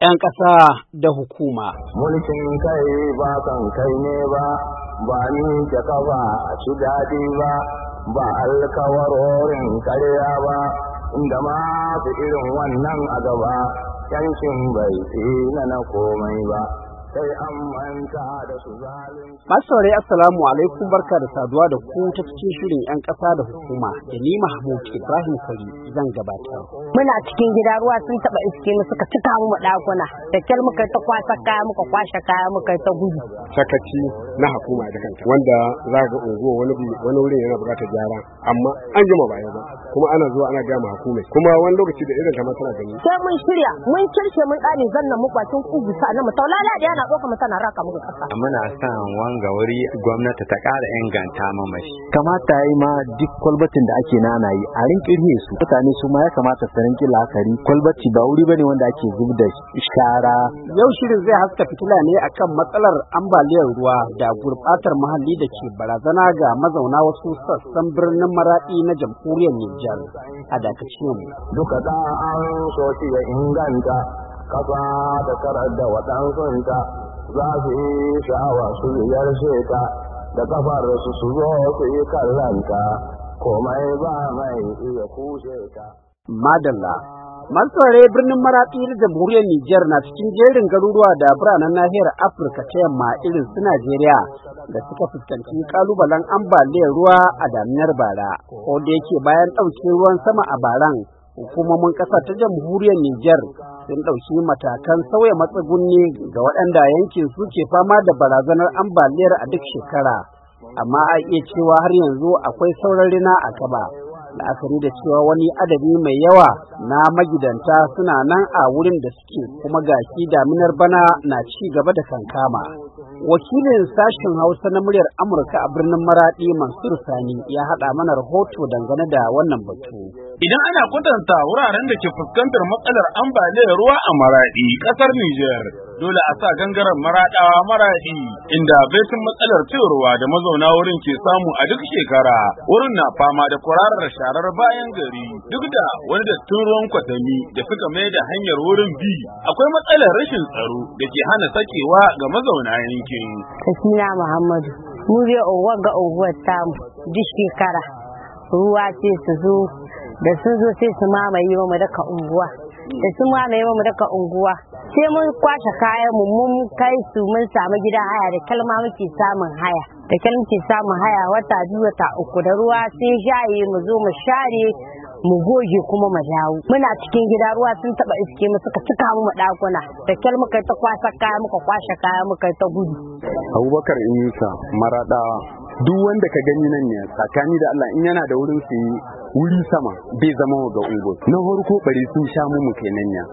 ‘yan ƙasa da hukuma. Mulkin kai ba kan kai ne ba, ba ni jaka ba a ci daɗi ba, ba alkawarorin karya ba, inda fi irin wannan a gaba, yankin bai na na komai ba. Masaurai assalamu alaikum barka da saduwa da ku ta cikin shirin 'yan ƙasa da hukuma da ni Mahmud Ibrahim Kwari zan gabata. Muna cikin gida ruwa sun taɓa iske mu suka cika mu ɗakuna da kyar muka ta kwasa kaya muka kwashe kaya muka ta gudu. Sakaci na hukuma da kanta wanda za ga unguwa wani wurin yana buƙatar gyara amma an jima ba ba kuma ana zuwa ana gaya ma hukumai kuma wani lokaci da irin ta ma tana gani. Sai mun shirya mun kirke mun ƙare zanna mu kwacin kugu sa na mu taulala da yana zo kuma tana raka muku kasa muna son wanga wuri gwamnati ta ƙara inganta mamashi kamata yi ma duk kwalbatin da ake nana yi a rinkirhe su mutane su ma ya kamata su rinƙi la'akari kwalbaci ba wuri bane wanda ake zub da shara yau shirin zai haska fitila ne akan matsalar ambaliyar ruwa da gurbatar muhalli da ke barazana ga mazauna wasu sassan birnin maradi na jamhuriyar Nijar a dakacin mu duka da an so shi ya inganta kasa da karar da waɗansunta za su yi sha'awa su ziyarce ta da kafar su su zo su yi kallanta komai ba mai iya kushe ta. Madalla masuware birnin maraɗi da jamhuriyar Nijar na cikin jerin garuruwa da biranen nahiyar Afirka ta yamma irin su Najeriya da suka fuskanci kalubalen ambaliyar ruwa a daminar bara. Ko da yake bayan ɗauke ruwan sama a baran, hukumomin ƙasa ta jamhuriyar Nijar sun ɗauki matakan sauya matsugunni ga waɗanda yankin suke fama da barazanar ambaliyar a duk shekara amma a iya cewa har yanzu akwai sauran rina a kaba la'akari da cewa wani adadi mai yawa na magidanta suna nan a wurin da suke kuma gashi daminar bana na ci gaba da kankama wakilin sashen hausa na muryar amurka a birnin Maraɗi, mansur sani ya haɗa mana rahoto dangane da wannan batu Idan ana kwatanta wuraren da ke fuskantar matsalar ambaliyar ruwa a Maraɗi, ƙasar Nijar, dole a sa gangaren maraɗawa Maraɗi, inda baitin matsalar ruwa da mazauna wurin ke samu a duk shekara, wurin na fama da kwararar sharar bayan gari, duk da wani dattin ruwan kwatami da suka mai da hanyar wurin bi, akwai matsalar rashin tsaro da ke hana sakewa ga mazauna yankin. Sakina Muhammadu, mu je ga unguwar shekara. Ruwa ce su zo da sun zo sai su mamaye mu daga unguwa da sun mamaye mu daka unguwa sai mun kwashe kayan mu mun kai su mun samu gidan haya da kalma muke samun haya da kalma muke samun haya wata biyu wata uku da ruwa sai shaye mu zo mu share mu goge kuma mu dawo muna cikin gida ruwa sun taba iske mu suka cika mu madakuna da kyal muka ta kwasa kaya muka kwashe kaya muka ta gudu Abubakar Inusa marada duk wanda ka gani nan ne tsakani da Allah in yana da wurin su yi wuri sama bai zama wa ga ungo na farko bari sun sha mu mu kai nan ya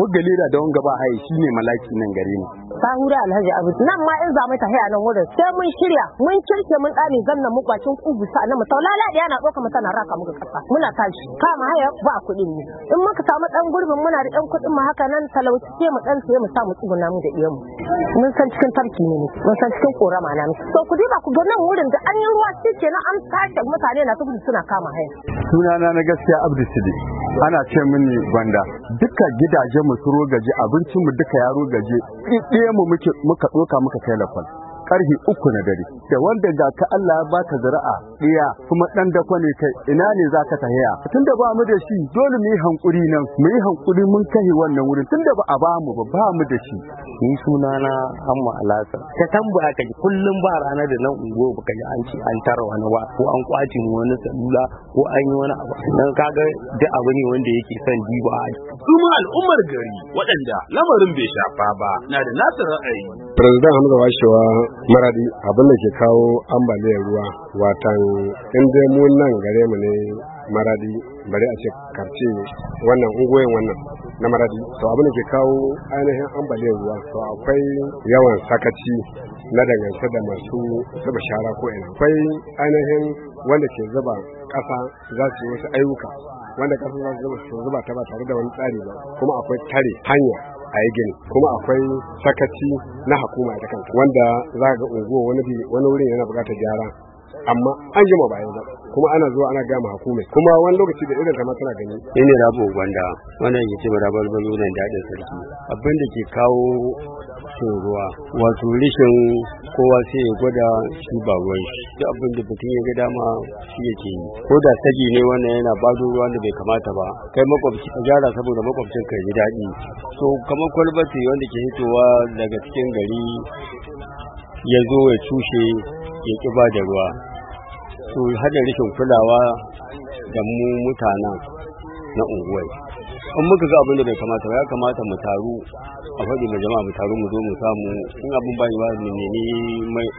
wagga da wanga ba haye shine malaki nan gare mu sahura alhaji abu nan ma in zamai ta haya nan wurin sai mun shirya mun kirke mun kane zannan mu bakin kugu sa na mu saulala da yana doka mu raka muka kasa muna tashi kama haya ba kuɗin ne in muka samu dan gurbin muna da dan kuɗin mu haka nan talauci sai mu dan sai mu samu mu namu mu da iyamu mun san cikin tarki ne ne mun san cikin korama na mu to ku duba ku ga wurin da an yi ruwa shi kenan an tashi mutane na tafi suna kama haya sunana na gaskiya abdu sidi ana ce mini banda duka gidaje mu su rugaje abincin mu duka ya rugaje ɗaya mu muka ɗoka muka kai lafal karhi uku na dare da wanda ga ka Allah ba baka zara'a ɗaya kuma ɗan da kwane kai ina ne za ka tahiya tunda ba mu da shi dole mu yi hankuri nan mu yi hankuri mun kai wannan wurin tunda ba a ba mu ba ba mu da shi ni suna na Amma alasa ta tambaya ka ji kullum ba rana da nan ungo baka ji an ci an tara wani wa ko an kwaci wani salula ko an yi wani abu dan kaga duk abu ne wanda yake son diba kuma al'ummar gari waɗanda lamarin bai shafa ba na da nasu ra'ayi President Hamza Washewa maradi abin da ke kawo ambaliyar ruwa watan in mu nan gare mu ne maradi bari a ce karce wannan ungoyin wannan na maradi to abin da ke kawo ainihin ambaliyar ruwa to akwai yawan sakaci na dangance da masu zuba shara ko ina akwai ainihin wanda ke zuba ƙasa za su yi wasu ayyuka wanda ƙasa za su zuba ta ba tare da wani tsari ba kuma akwai tare hanya a yi gini kuma akwai sakaci na hakuma ita kanta wanda za ga unguwa wani wurin yana bukatar gyara amma an jima bayan zaba kuma ana zuwa ana gama hukume kuma wani lokaci da irin tana gani ni ne rabu gwanda wannan yake ce rabar bazo nan daɗin sarki Abinda ke kawo cin ruwa wato rishin kowa sai ya gwada shi ba ruwan shi duk abin da mutum ya ga dama shi yake yi ko da sagi ne wannan yana bado ruwan da bai kamata ba kai makwabci ka gyara saboda makwabcin ka ji daɗi so kamar kwalbati wanda ke hitowa daga cikin gari ya zo ya cushe ya ƙi ba da ruwa to hada rashin kulawa da mu mutanen na unguwai in muka ga abin da bai kamata ba ya kamata mu taru a faɗi mai jama'a mu taro mu zo mu samu in abin bai ba mu nemi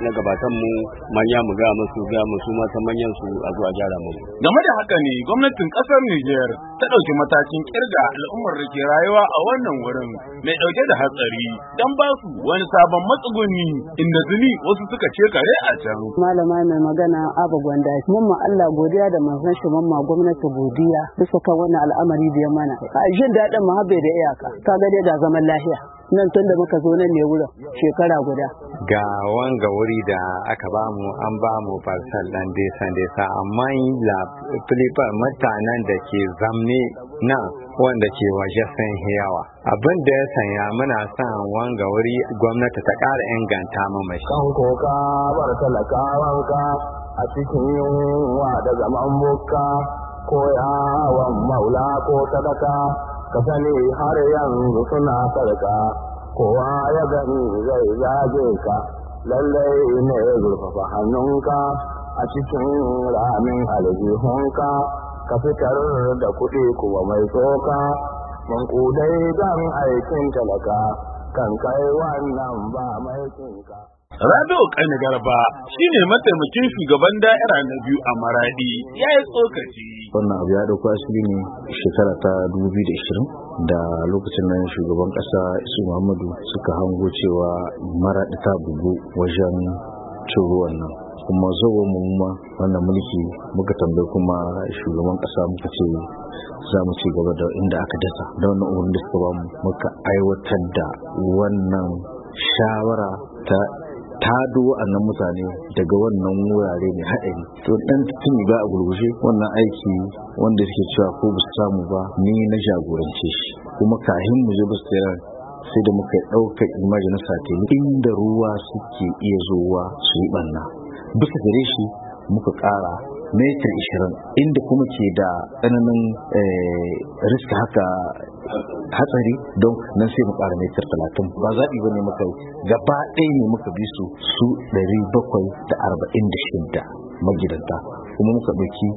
na gabatan mu manya mu ga musu ga musu mata manyan su a zo a gyara mu game da haka ne gwamnatin kasar Niger ta ɗauki matakin kirga al'ummar da ke rayuwa a wannan wurin mai ɗauke da hatsari dan ba su wani sabon matsuguni inda zuni wasu suka ce kare a can malama mai magana Aba Gwanda mun ma Allah godiya da manzon shi mun ma gwamnati godiya bisa kan wannan al'amari da ya mana jin daɗin mu habbe da iyaka ga dai ga zaman lafiya nan tun da muka zo nan ne wurin shekara guda ga wanga wuri da aka ba mu an ba mu farsal dan desa desa amma la filipar mutanen da ke zamne na wanda ke waje san yawa abin da ya sanya muna son wanga wuri gwamnati ta ƙara inganta mamashi kan koka bar talakawanka a cikin yunwa da zaman bukka ko yawon maula ko sadaka ka har yanzu suna sadaka. kowa ya gani zai zage ka lallai ne zurfafa hannunka a cikin ramin aljihunka ka fitar da kuɗi kuwa mai tsoka mankudai don aikin talaka kan kai wannan ba mai cinka Rabi'u Kani shine mataimakin shugaban da'ira na biyu a Maradi ya yi tsokaci. Wannan abu ya dauko asiri ne shekara ta 2020 da lokacin nan shugaban kasa Isu Muhammadu suka hango cewa Maradi ta bugu wajen cin wannan. kuma zuwa mu ma wannan mulki muka tambayi kuma shugaban kasa muka ce za mu ci gaba da inda aka dasa da wannan umarni da suka ba mu muka aiwatar da wannan shawara ta tado wa'annan mutane daga wannan wurare mai haɗari to dan tuni ba a gurgushe wannan aiki wanda suke cewa ko ba su samu ba ni na jagorance shi kuma kahin mu je ba sai da muka ɗaukar imaji na satellite inda ruwa suke iya zuwa su yi ɓanna bisa gare shi muka ƙara metar 20 inda kuma ke da tsananin eh, riska haka hatsari don nan sai mu ƙara metar 30 ba zaɓi ba ne muka yi gaba ɗaya ne muka bi su su 746 magidanta kuma muka ɗauki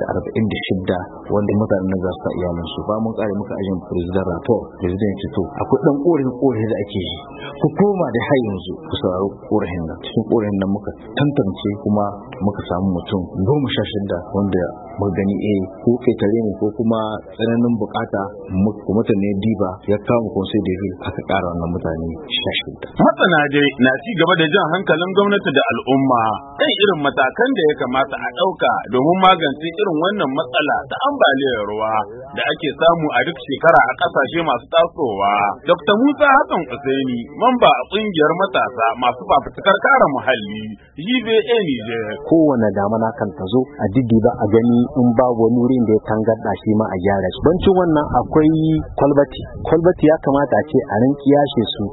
da 746 wanda mutanen za su ta iyalin su ba mun kare muka ajin president rapport president ce to akwai dan korafin korafin da ake yi ku koma da har yanzu ku sauraro korafin nan cikin korafin nan muka tantance kuma muka samu mutum goma sha shida wanda muka gani eh ko ketare ne ko kuma tsananin bukata mutum mutane diba ya kawo konsai da aka kara wannan mutane sha shida. Matsana dai na ci gaba da jan hankalin gwamnati da al'umma kan irin matakan da ya kamata a ɗauka domin magance irin wannan matsala ta ambaliyar ruwa da ake samu a duk shekara a kasashe masu tasowa. Dr. Musa Hassan Usaini, mamba a ƙungiyar matasa masu fafutukar kare muhalli, GBA Niger. Kowane damana kan ta zo a ba a gani in ba wani wurin da ya tangarɗa shi ma a gyara shi. Bancin wannan akwai kwalbati. Kwalbati ya kamata a ce a rinki yashe su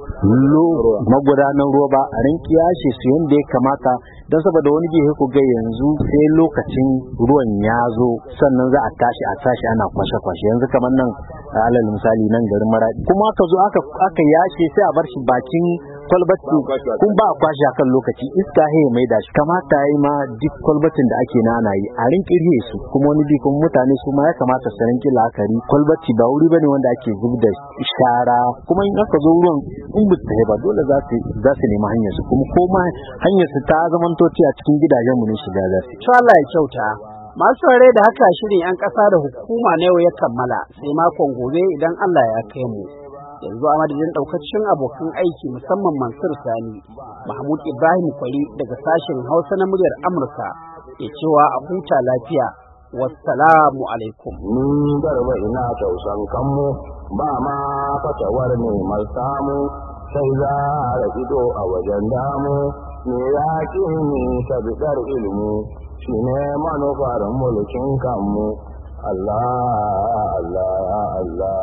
magudanan roba a rinki yashe su yadda ya kamata don saboda wani gehe ku ga yanzu sai lokacin ruwan ya zo sannan za a tashi tashi a tashi ana kwashe kwashe yanzu kamar nan alal misali nan garin maradi kuma aka zo aka yashe sai a bar shi bakin kwalbatin kun ba a kwashe akan lokaci iska he mai da shi kamata yi ma duk kwalbatin da ake na, nana yi a rinkirye su kuma wani bikin mutane su ma ya kamata su rinki la'akari kwalbati ba wuri bane wanda ake da shara kuma in aka zo ruwan in bu ta ba dole za su nemi hanyar su kuma ko ma hanyar su ta zamanto a cikin gidajen mu ne shiga za su. Allah kyauta. Masu ware da haka shirin 'yan ƙasa da hukuma na yau ya kammala sai makon gobe idan Allah ya kai mu. Yanzu a madadin ɗaukacin abokan aiki musamman Mansur Sani, Mahmud Ibrahim Kwari daga sashen Hausa na muryar Amurka ke cewa a huta lafiya. Wassalamu alaikum. mun garba ina tausan kanmu ba ma fatawar mai samu sai za a ido a wajen damu me ya ke ni ta ilimi. shi ne manufarin mulkin kanmu Allah Allah Allah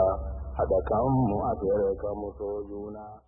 haɗa kanmu a tere kanmu so juna